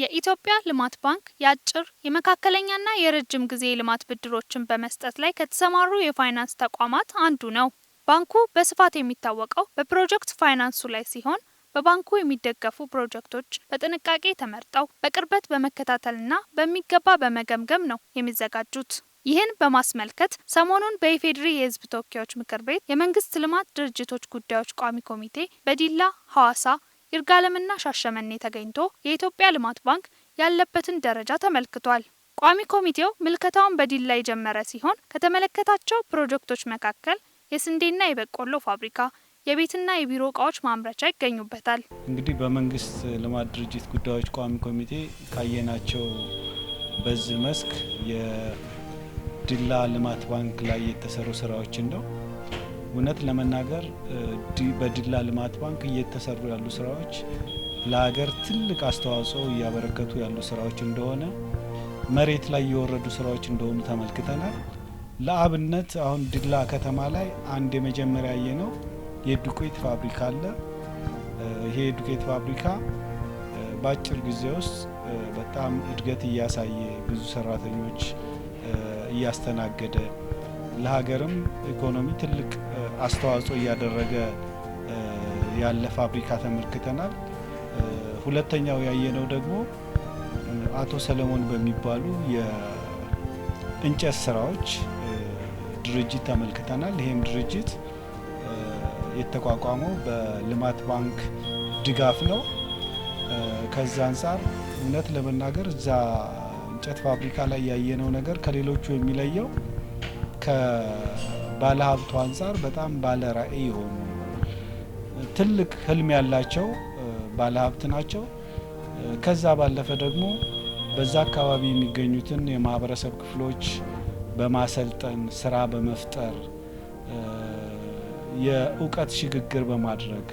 የኢትዮጵያ ልማት ባንክ የአጭር የመካከለኛና የረጅም ጊዜ ልማት ብድሮችን በመስጠት ላይ ከተሰማሩ የፋይናንስ ተቋማት አንዱ ነው። ባንኩ በስፋት የሚታወቀው በፕሮጀክት ፋይናንሱ ላይ ሲሆን በባንኩ የሚደገፉ ፕሮጀክቶች በጥንቃቄ ተመርጠው በቅርበት በመከታተልና በሚገባ በመገምገም ነው የሚዘጋጁት። ይህን በማስመልከት ሰሞኑን በኢፌዴሪ የሕዝብ ተወካዮች ምክር ቤት የመንግስት ልማት ድርጅቶች ጉዳዮች ቋሚ ኮሚቴ በዲላ ሐዋሳ ይርጋለምና ሻሸመኔ ተገኝቶ የኢትዮጵያ ልማት ባንክ ያለበትን ደረጃ ተመልክቷል። ቋሚ ኮሚቴው ምልከታውን በዲላ የጀመረ ሲሆን ከተመለከታቸው ፕሮጀክቶች መካከል የስንዴና የበቆሎ ፋብሪካ፣ የቤትና የቢሮ እቃዎች ማምረቻ ይገኙበታል። እንግዲህ በመንግስት ልማት ድርጅት ጉዳዮች ቋሚ ኮሚቴ ካየናቸው በዚህ መስክ የዲላ ልማት ባንክ ላይ የተሰሩ ስራዎችን ነው። እውነት ለመናገር በዲላ ልማት ባንክ እየተሰሩ ያሉ ስራዎች ለሀገር ትልቅ አስተዋጽኦ እያበረከቱ ያሉ ስራዎች እንደሆነ መሬት ላይ የወረዱ ስራዎች እንደሆኑ ተመልክተናል። ለአብነት አሁን ዲላ ከተማ ላይ አንድ የመጀመሪያ ነው የዱቄት ፋብሪካ አለ። ይሄ የዱቄት ፋብሪካ በአጭር ጊዜ ውስጥ በጣም እድገት እያሳየ ብዙ ሰራተኞች እያስተናገደ ለሀገርም ኢኮኖሚ ትልቅ አስተዋጽኦ እያደረገ ያለ ፋብሪካ ተመልክተናል። ሁለተኛው ያየነው ደግሞ አቶ ሰለሞን በሚባሉ የእንጨት ስራዎች ድርጅት ተመልክተናል። ይህም ድርጅት የተቋቋመው በልማት ባንክ ድጋፍ ነው። ከዛ አንጻር እውነት ለመናገር እዛ እንጨት ፋብሪካ ላይ ያየነው ነገር ከሌሎቹ የሚለየው ባለሀብቱ አንጻር በጣም ባለ ራዕይ የሆኑ ትልቅ ህልም ያላቸው ባለሀብት ናቸው። ከዛ ባለፈ ደግሞ በዛ አካባቢ የሚገኙትን የማህበረሰብ ክፍሎች በማሰልጠን ስራ በመፍጠር የእውቀት ሽግግር በማድረግ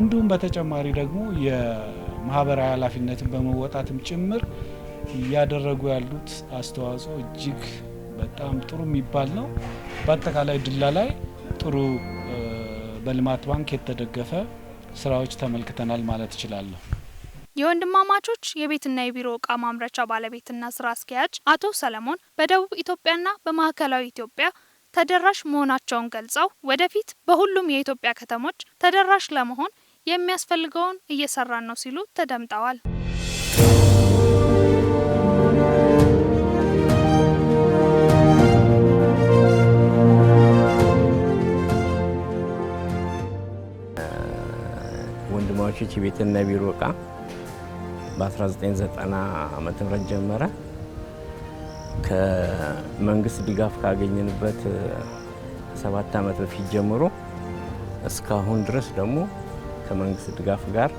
እንዲሁም በተጨማሪ ደግሞ የማህበራዊ ኃላፊነትን በመወጣትም ጭምር እያደረጉ ያሉት አስተዋጽኦ እጅግ በጣም ጥሩ የሚባል ነው። በአጠቃላይ ድላ ላይ ጥሩ በልማት ባንክ የተደገፈ ስራዎች ተመልክተናል ማለት እችላለሁ። የወንድማማቾች የቤትና የቢሮ እቃ ማምረቻ ባለቤትና ስራ አስኪያጅ አቶ ሰለሞን በደቡብ ኢትዮጵያና በማዕከላዊ ኢትዮጵያ ተደራሽ መሆናቸውን ገልጸው ወደፊት በሁሉም የኢትዮጵያ ከተሞች ተደራሽ ለመሆን የሚያስፈልገውን እየሰራን ነው ሲሉ ተደምጠዋል። የሰራችው የቤትና ቤትና ቢሮ እቃ በ1990 ዓ.ም ጀመረ። ከመንግስት ድጋፍ ካገኘንበት ሰባት ዓመት በፊት ጀምሮ እስካሁን ድረስ ደግሞ ከመንግስት ድጋፍ ጋር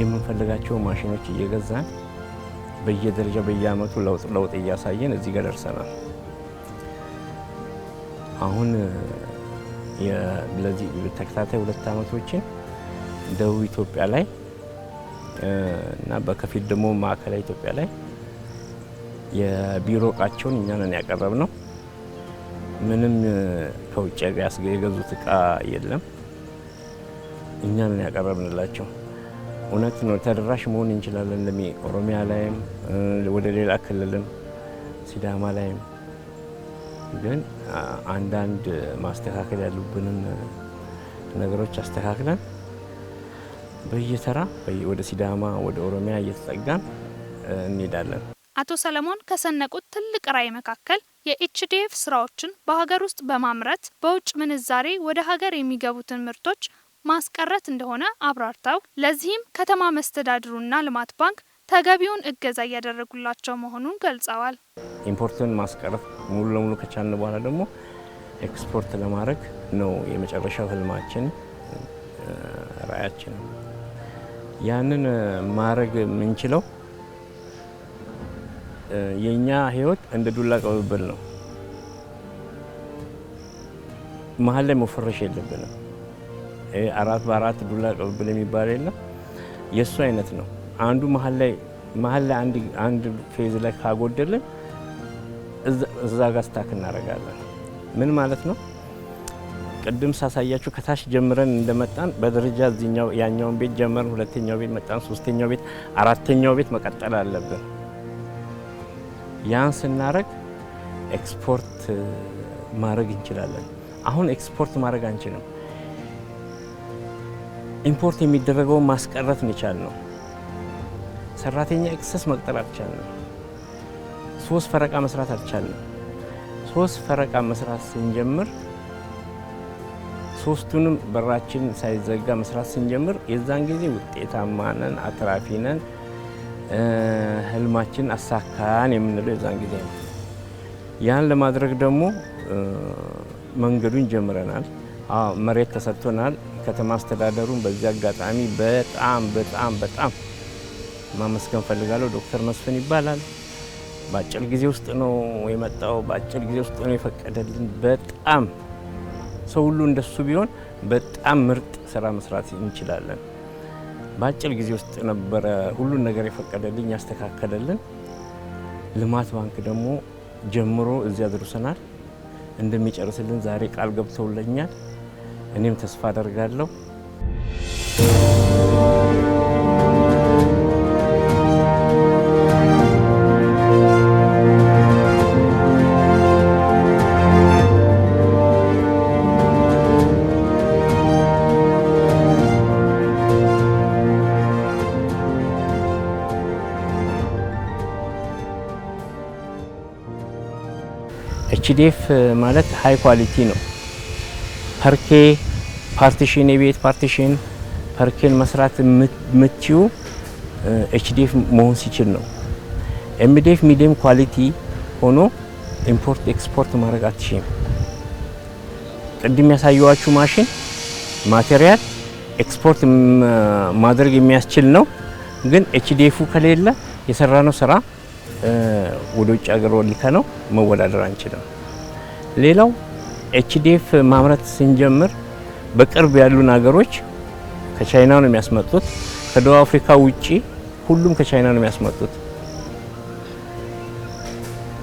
የምንፈልጋቸው ማሽኖች እየገዛን በየደረጃ በየአመቱ ለውጥ ለውጥ እያሳየን እዚህ ጋር ደርሰናል አሁን ለዚህ ተከታታይ ሁለት ዓመቶችን ደቡብ ኢትዮጵያ ላይ እና በከፊል ደግሞ ማዕከላዊ ኢትዮጵያ ላይ የቢሮ እቃቸውን እኛ ነን ያቀረብ ነው። ምንም ከውጭ የገዙት እቃ የለም። እኛ ነን ያቀረብንላቸው። እውነት ነው፣ ተደራሽ መሆን እንችላለን። ለሚ ኦሮሚያ ላይም ወደ ሌላ ክልልም ሲዳማ ላይም ግን አንዳንድ ማስተካከል ያሉብንን ነገሮች አስተካክለን በየተራ ወደ ሲዳማ ወደ ኦሮሚያ እየተጠጋን እንሄዳለን። አቶ ሰለሞን ከሰነቁት ትልቅ ራዕይ መካከል የኤችዲኤፍ ስራዎችን በሀገር ውስጥ በማምረት በውጭ ምንዛሬ ወደ ሀገር የሚገቡትን ምርቶች ማስቀረት እንደሆነ አብራርተው ለዚህም ከተማ መስተዳድሩና ልማት ባንክ ተገቢውን እገዛ እያደረጉላቸው መሆኑን ገልጸዋል። ኢምፖርትን ማስቀረት ሙሉ ለሙሉ ከቻልን በኋላ ደግሞ ኤክስፖርት ለማድረግ ነው የመጨረሻው ህልማችን፣ ራዕያችን። ያንን ማድረግ የምንችለው የእኛ ህይወት እንደ ዱላ ቅብብል ነው። መሀል ላይ መፈረሽ የለብንም። አራት በአራት ዱላ ቅብብል የሚባል የለም። የእሱ አይነት ነው። አንዱ መሀል ላይ መሀል ላይ አንድ ፌዝ ላይ ካጎደልን እዛ ጋር ስታክ እናደርጋለን። ምን ማለት ነው? ቅድም ሳሳያችሁ ከታች ጀምረን እንደመጣን በደረጃ እዚህኛው ያኛውን ቤት ጀመርን፣ ሁለተኛው ቤት መጣን፣ ሶስተኛው ቤት፣ አራተኛው ቤት መቀጠል አለብን። ያን ስናረግ ኤክስፖርት ማድረግ እንችላለን። አሁን ኤክስፖርት ማድረግ አንችልም። ኢምፖርት የሚደረገውን ማስቀረት መቻል ነው። ሰራተኛ ኤክሰስ መቅጠር አልቻልንም። ሶስት ፈረቃ መስራት አልቻልንም። ሶስት ፈረቃ መስራት ስንጀምር ሶስቱንም በራችን ሳይዘጋ መስራት ስንጀምር የዛን ጊዜ ውጤታማ ነን፣ አትራፊ ነን፣ ህልማችን አሳካን የምንለው የዛን ጊዜ ነው። ያን ለማድረግ ደግሞ መንገዱን ጀምረናል። መሬት ተሰጥቶናል። ከተማ አስተዳደሩን በዚህ አጋጣሚ በጣም በጣም በጣም ማመስገን ፈልጋለሁ። ዶክተር መስፍን ይባላል። በአጭር ጊዜ ውስጥ ነው የመጣው፣ በአጭር ጊዜ ውስጥ ነው የፈቀደልን። በጣም ሰው ሁሉ እንደሱ ቢሆን በጣም ምርጥ ስራ መስራት እንችላለን። በአጭር ጊዜ ውስጥ ነበረ ሁሉን ነገር የፈቀደልኝ ያስተካከለልን። ልማት ባንክ ደግሞ ጀምሮ እዚያ አድርሰናል። እንደሚጨርስልን ዛሬ ቃል ገብተውለኛል። እኔም ተስፋ አደርጋለሁ። ኤችዲኤፍ ማለት ሀይ ኳሊቲ ነው። ፐርኬ ፓርቲሽን፣ የቤት ፓርቲሽን ፐርኬን መስራት የምትዩ ኤችዲኤፍ መሆን ሲችል ነው። ኤምዲኤፍ ሚዲየም ኳሊቲ ሆኖ ኢምፖርት ኤክስፖርት ማድረግ አትችልም። ቅድም ያሳየዋችሁ ማሽን ማቴሪያል ኤክስፖርት ማድረግ የሚያስችል ነው፣ ግን ኤችዲኤፉ ከሌለ የሰራነው ስራ ወደ ውጭ ሀገር ልከ ነው መወዳደር አንችልም። ሌላው ኤችዲኤፍ ማምረት ስንጀምር በቅርብ ያሉን ሀገሮች ከቻይና ነው የሚያስመጡት። ከደቡብ አፍሪካ ውጪ ሁሉም ከቻይና ነው የሚያስመጡት።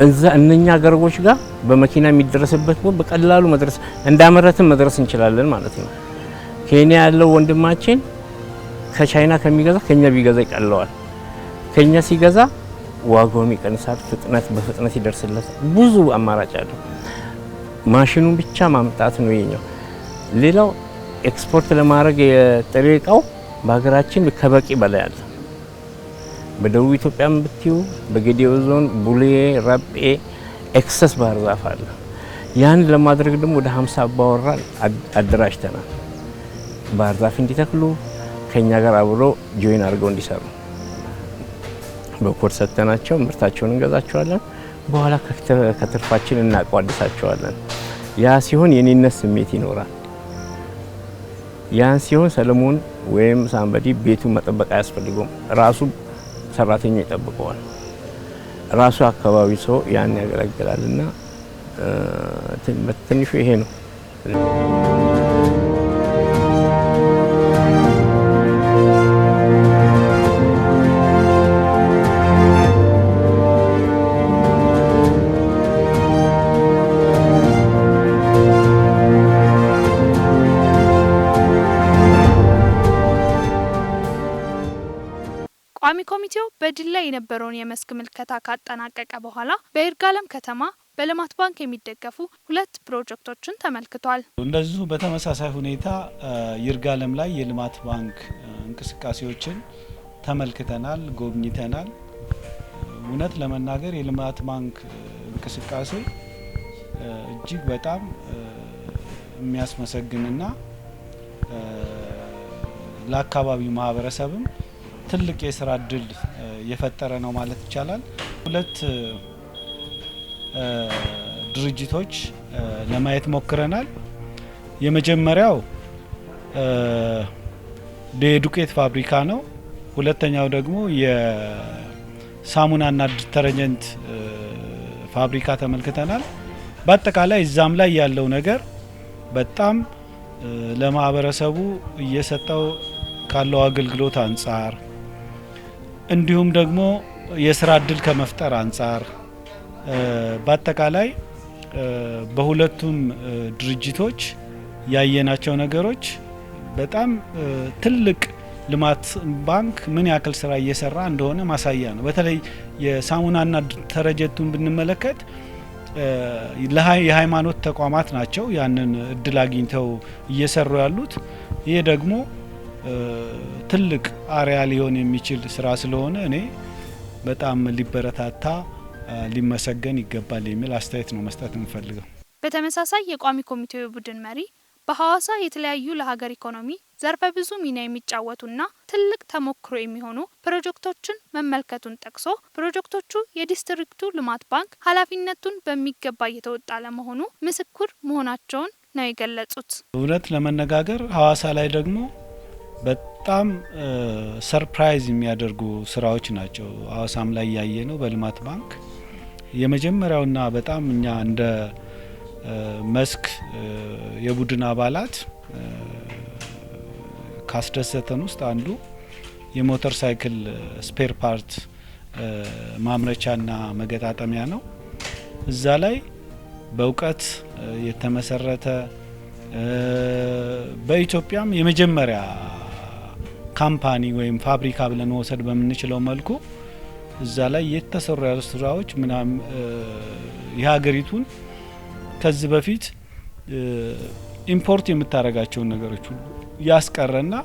እዛ እነኛ ሀገሮች ጋር በመኪና የሚደረስበት በቀላሉ መድረስ እንዳመረትን መድረስ እንችላለን ማለት ነው። ኬንያ ያለው ወንድማችን ከቻይና ከሚገዛ ከኛ ቢገዛ ይቀለዋል። ከኛ ሲገዛ ዋጋውም ይቀንሳል፣ ፍጥነት በፍጥነት ይደርስለት። ብዙ አማራጭ አለው። ማሽኑን ብቻ ማምጣት ነው የኛው። ሌላው ኤክስፖርት ለማድረግ የጥሬ እቃው በሀገራችን ከበቂ በላይ አለ። በደቡብ ኢትዮጵያም ብትዩ በጌዲዮ ዞን ቡሌ፣ ረጴ ኤክሰስ ባህር ዛፍ አለ። ያን ለማድረግ ደግሞ ወደ 50 አባወራ አደራጅተናል። ባህር ዛፍ እንዲተክሉ ከኛ ጋር አብሮ ጆይን አድርገው እንዲሰሩ በኮድ ሰጥተናቸው ምርታቸውን እንገዛቸዋለን። በኋላ ከትርፋችን እናቋድሳቸዋለን። ያ ሲሆን የኔነት ስሜት ይኖራል። ያን ሲሆን ሰለሞን ወይም ሳንበዲ ቤቱን መጠበቅ አያስፈልገውም። ራሱ ሰራተኛ ይጠብቀዋል። ራሱ አካባቢ ሰው ያን እና ትንሹ ይሄ ነው። በዲላ የነበረውን የመስክ ምልከታ ካጠናቀቀ በኋላ በይርጋለም ከተማ በልማት ባንክ የሚደገፉ ሁለት ፕሮጀክቶችን ተመልክቷል። እንደዚሁ በተመሳሳይ ሁኔታ ይርጋለም ላይ የልማት ባንክ እንቅስቃሴዎችን ተመልክተናል፣ ጎብኝተናል። እውነት ለመናገር የልማት ባንክ እንቅስቃሴ እጅግ በጣም የሚያስመሰግንና ለአካባቢው ማህበረሰብም ትልቅ የስራ እድል የፈጠረ ነው ማለት ይቻላል። ሁለት ድርጅቶች ለማየት ሞክረናል። የመጀመሪያው የዱቄት ፋብሪካ ነው። ሁለተኛው ደግሞ የሳሙናና ዲተርጀንት ፋብሪካ ተመልክተናል። በአጠቃላይ እዛም ላይ ያለው ነገር በጣም ለማህበረሰቡ እየሰጠው ካለው አገልግሎት አንጻር እንዲሁም ደግሞ የስራ እድል ከመፍጠር አንጻር በአጠቃላይ በሁለቱም ድርጅቶች ያየናቸው ነገሮች በጣም ትልቅ ልማት ባንክ ምን ያክል ስራ እየሰራ እንደሆነ ማሳያ ነው። በተለይ የሳሙናና ተረጀቱን ብንመለከት የሃይማኖት ተቋማት ናቸው ያንን እድል አግኝተው እየሰሩ ያሉት። ይሄ ደግሞ ትልቅ አሪያ ሊሆን የሚችል ስራ ስለሆነ እኔ በጣም ሊበረታታ ሊመሰገን ይገባል የሚል አስተያየት ነው መስጠት የምፈልገው። በተመሳሳይ የቋሚ ኮሚቴው ቡድን መሪ በሐዋሳ የተለያዩ ለሀገር ኢኮኖሚ ዘርፈ ብዙ ሚና የሚጫወቱና ትልቅ ተሞክሮ የሚሆኑ ፕሮጀክቶችን መመልከቱን ጠቅሶ ፕሮጀክቶቹ የዲስትሪክቱ ልማት ባንክ ኃላፊነቱን በሚገባ እየተወጣ ለመሆኑ ምስክር መሆናቸውን ነው የገለጹት። እውነት ለመነጋገር ሐዋሳ ላይ ደግሞ በጣም ሰርፕራይዝ የሚያደርጉ ስራዎች ናቸው። አዋሳም ላይ ያየ ነው። በልማት ባንክ የመጀመሪያውና በጣም እኛ እንደ መስክ የቡድን አባላት ካስደሰተን ውስጥ አንዱ የሞተር ሳይክል ስፔር ፓርት ማምረቻና መገጣጠሚያ ነው። እዛ ላይ በእውቀት የተመሰረተ በኢትዮጵያም የመጀመሪያ ካምፓኒ ወይም ፋብሪካ ብለን መውሰድ በምንችለው መልኩ እዛ ላይ የተሰሩ ያሉ ስራዎች ምናም የሀገሪቱን ከዚህ በፊት ኢምፖርት የምታደርጋቸውን ነገሮች ሁሉ ያስቀረና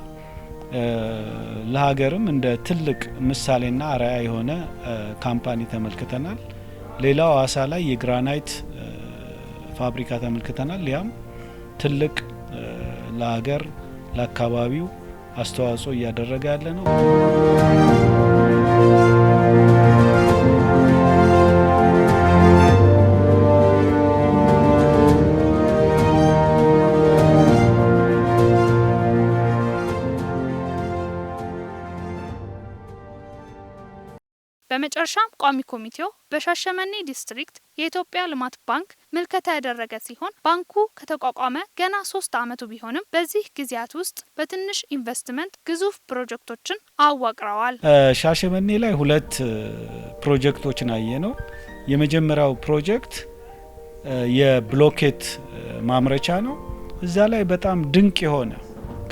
ለሀገርም እንደ ትልቅ ምሳሌና አርአያ የሆነ ካምፓኒ ተመልክተናል። ሌላው አዋሳ ላይ የግራናይት ፋብሪካ ተመልክተናል። ያም ትልቅ ለሀገር ለአካባቢው አስተዋጽኦ እያደረገ ያለ ነው። በመጨረሻም ቋሚ ኮሚቴው በሻሸመኔ ዲስትሪክት የኢትዮጵያ ልማት ባንክ ምልከታ ያደረገ ሲሆን ባንኩ ከተቋቋመ ገና ሶስት አመቱ ቢሆንም በዚህ ጊዜያት ውስጥ በትንሽ ኢንቨስትመንት ግዙፍ ፕሮጀክቶችን አዋቅረዋል። ሻሸመኔ ላይ ሁለት ፕሮጀክቶችን አየ ነው። የመጀመሪያው ፕሮጀክት የብሎኬት ማምረቻ ነው። እዛ ላይ በጣም ድንቅ የሆነ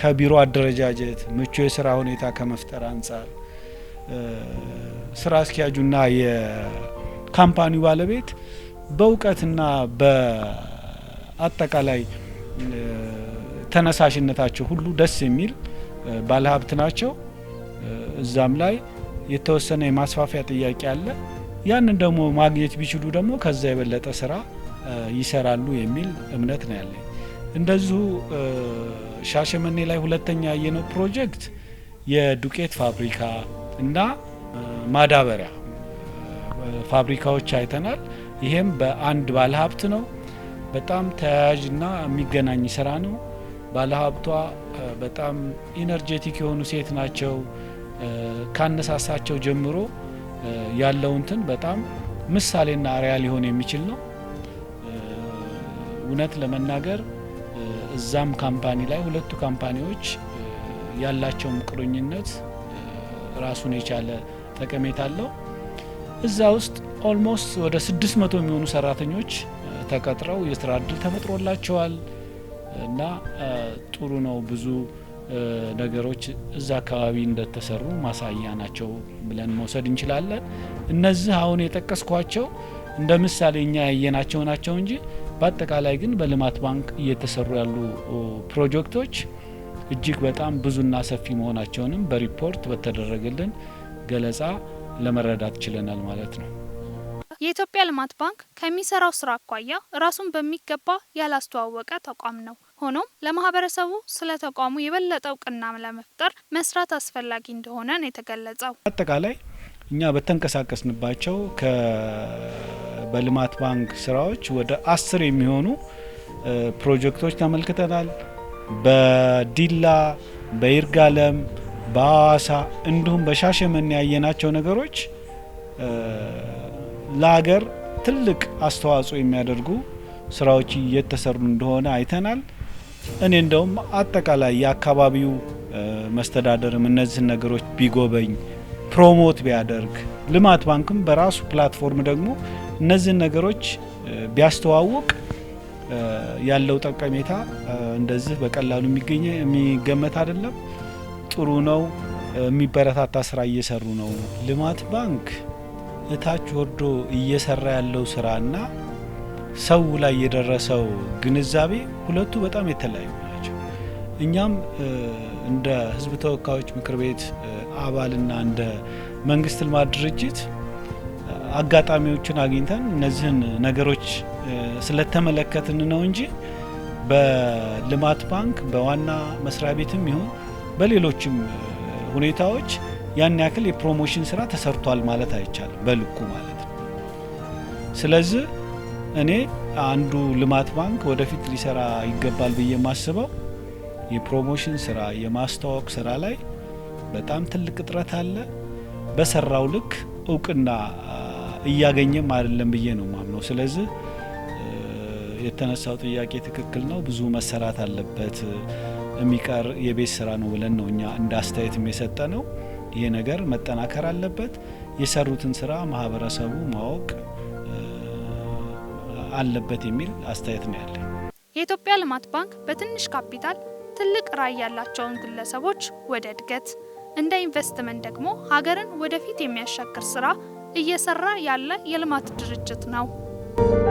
ከቢሮ አደረጃጀት ምቹ የስራ ሁኔታ ከመፍጠር አንጻር ስራ አስኪያጁና የካምፓኒው ባለቤት በእውቀትና በአጠቃላይ ተነሳሽነታቸው ሁሉ ደስ የሚል ባለሀብት ናቸው። እዛም ላይ የተወሰነ የማስፋፊያ ጥያቄ አለ። ያንን ደግሞ ማግኘት ቢችሉ ደግሞ ከዛ የበለጠ ስራ ይሰራሉ የሚል እምነት ነው ያለኝ። እንደዚሁ ሻሸመኔ ላይ ሁለተኛ ያየነው ፕሮጀክት የዱቄት ፋብሪካ እና ማዳበሪያ ፋብሪካዎች አይተናል። ይሄም በአንድ ባለሀብት ነው። በጣም ተያያዥና የሚገናኝ ስራ ነው። ባለሀብቷ በጣም ኢነርጄቲክ የሆኑ ሴት ናቸው። ካነሳሳቸው ጀምሮ ያለውንትን በጣም ምሳሌና አርያ ሊሆን የሚችል ነው። እውነት ለመናገር እዛም ካምፓኒ ላይ ሁለቱ ካምፓኒዎች ያላቸውም ቁርኝነት ራሱን የቻለ ጠቀሜታ አለው። እዛ ውስጥ ኦልሞስት ወደ 600 የሚሆኑ ሰራተኞች ተቀጥረው የስራ እድል ተፈጥሮላቸዋል እና ጥሩ ነው። ብዙ ነገሮች እዛ አካባቢ እንደተሰሩ ማሳያ ናቸው ብለን መውሰድ እንችላለን። እነዚህ አሁን የጠቀስኳቸው እንደ ምሳሌ እኛ ያየናቸው ናቸው እንጂ በአጠቃላይ ግን በልማት ባንክ እየተሰሩ ያሉ ፕሮጀክቶች እጅግ በጣም ብዙና ሰፊ መሆናቸውንም በሪፖርት በተደረገልን ገለጻ ለመረዳት ችለናል ማለት ነው። የኢትዮጵያ ልማት ባንክ ከሚሰራው ስራ አኳያ ራሱን በሚገባ ያላስተዋወቀ ተቋም ነው። ሆኖም ለማህበረሰቡ ስለ ተቋሙ የበለጠ እውቅና ለመፍጠር መስራት አስፈላጊ እንደሆነ ነው የተገለጸው። አጠቃላይ እኛ በተንቀሳቀስንባቸው በልማት ባንክ ስራዎች ወደ አስር የሚሆኑ ፕሮጀክቶች ተመልክተናል። በዲላ በይርጋለም በአዋሳ እንዲሁም በሻሸመኔ ያየናቸው ነገሮች ለሀገር ትልቅ አስተዋጽኦ የሚያደርጉ ስራዎች እየተሰሩ እንደሆነ አይተናል። እኔ እንደውም አጠቃላይ የአካባቢው መስተዳደርም እነዚህን ነገሮች ቢጎበኝ ፕሮሞት ቢያደርግ፣ ልማት ባንክም በራሱ ፕላትፎርም ደግሞ እነዚህን ነገሮች ቢያስተዋውቅ ያለው ጠቀሜታ እንደዚህ በቀላሉ የሚገመት አይደለም። ጥሩ ነው፣ የሚበረታታ ስራ እየሰሩ ነው። ልማት ባንክ እታች ወርዶ እየሰራ ያለው ስራና ሰው ላይ የደረሰው ግንዛቤ ሁለቱ በጣም የተለያዩ ናቸው። እኛም እንደ ህዝብ ተወካዮች ምክር ቤት አባልና እንደ መንግስት ልማት ድርጅት አጋጣሚዎችን አግኝተን እነዚህን ነገሮች ስለተመለከትን ነው እንጂ በልማት ባንክ በዋና መስሪያ ቤትም ይሁን በሌሎችም ሁኔታዎች ያን ያክል የፕሮሞሽን ስራ ተሰርቷል ማለት አይቻልም፣ በልኩ ማለት ነው። ስለዚህ እኔ አንዱ ልማት ባንክ ወደፊት ሊሰራ ይገባል ብዬ የማስበው የፕሮሞሽን ስራ፣ የማስተዋወቅ ስራ ላይ በጣም ትልቅ እጥረት አለ። በሰራው ልክ እውቅና እያገኘም አይደለም ብዬ ነው ማምነው። ስለዚህ የተነሳው ጥያቄ ትክክል ነው፣ ብዙ መሰራት አለበት። የሚቀር የቤት ስራ ነው ብለን ነው እኛ እንደ አስተያየትም የሰጠ ነው። ይሄ ነገር መጠናከር አለበት። የሰሩትን ስራ ማህበረሰቡ ማወቅ አለበት የሚል አስተያየት ነው ያለ። የኢትዮጵያ ልማት ባንክ በትንሽ ካፒታል ትልቅ ራዕይ ያላቸውን ግለሰቦች ወደ እድገት እንደ ኢንቨስትመንት ደግሞ ሀገርን ወደፊት የሚያሻግር ስራ እየሰራ ያለ የልማት ድርጅት ነው።